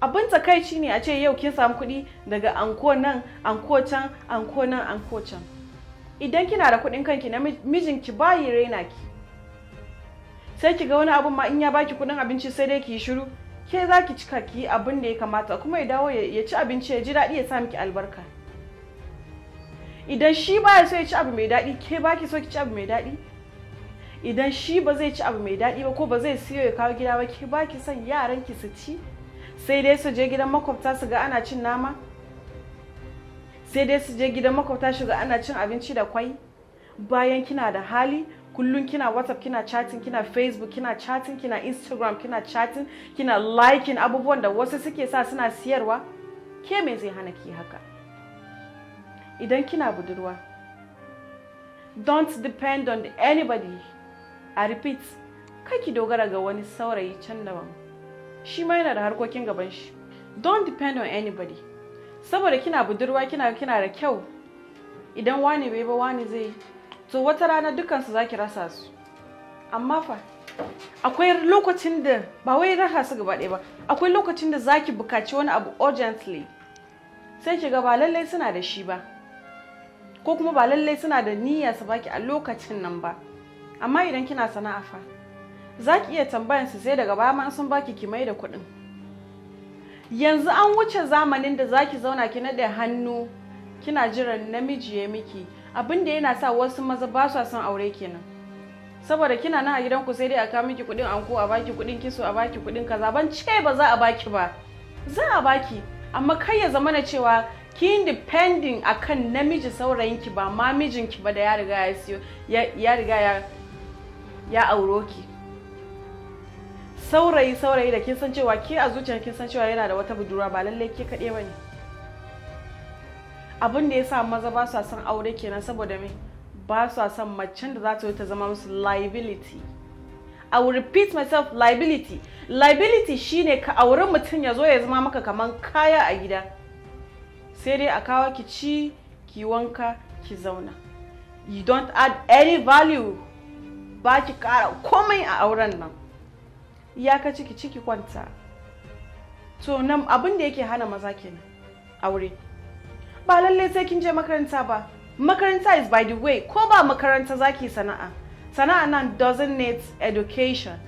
abin takaici ne a ce yau kin samu kuɗi daga anko nan anko can anko nan anko can idan kina da kuɗin kanki na mijinki bayi raina ki sai ki ga wani abun ma in ya baki kuɗin abinci sai dai ki yi shiru ke za ki cika ki abin da ya kamata kuma ya dawo ya ci abinci ya ji daɗi ya sa miki albarka idan shi baya so ya ci abu mai daɗi ke baki so ki ci abu mai daɗi idan shi ba zai ci abu mai daɗi ba ko ba zai siyo ya kawo gida ba ke baki son yaran ki su ci sai dai su je gidan makwabta su ga ana cin nama sai dai su je gidan makwabta su ga ana cin abinci da kwai bayan kina da hali kullum kina whatsapp kina chatting kina facebook kina chatting kina instagram kina chatting kina liking abubuwan da wasu suke sa suna siyarwa ke me zai hana ki haka idan kina budurwa don't depend on anybody i repeat kai ki dogara ga wani saurayi can daban shi ma yana da harkokin gaban shi don't depend on anybody saboda kina budurwa kina kina da kyau idan wani bai ba wani zai to wata rana dukansu za ki rasa su amma fa akwai lokacin da ba wai raha su gaba ɗaya ba akwai lokacin da zaki bukaci wani abu urgently sai ki ga ba lallai suna da shi ba ko kuma ba lallai suna da niyya su baki a lokacin nan ba amma idan kina sana'a fa za ki iya tambayan su sai daga baya ma sun baki ki mai da kuɗin yanzu an wuce zamanin da za ki zauna ki naɗe hannu kina jiran namiji ya miki abin da yana sa wasu maza ba su son aure kenan saboda kina nan a ku sai dai a kawo miki kuɗin anko a baki kuɗin kiso a baki kuɗin kaza ban ce ba za a baki ba za a baki amma kai ya na cewa ki independent akan namiji saurayinki ba ma mijinki ba da ya riga ya siyo ya riga ya ya auro ki saurayi saurayi da kin san cewa ke a zuciyar kin san cewa yana da wata budurwa ba lallai ke kaɗai ba ne abin da ya sa maza ba su son aure kenan saboda me ba su son macen da za ta yi ta zama musu liability I will repeat myself liability liability shine ka aure mutum ya zo ya zama maka kaman kaya a gida sai dai a kawo ki ci ki wanka ki zauna you don't add any value ba ki kara komai a auren nan Ya ka ciki ciki kwanta to nan abin da yake hana maza kenan aure ba lallai sai kin je makaranta ba makaranta is by the way ko ba makaranta zaki sana'a sana'a nan doesn't need education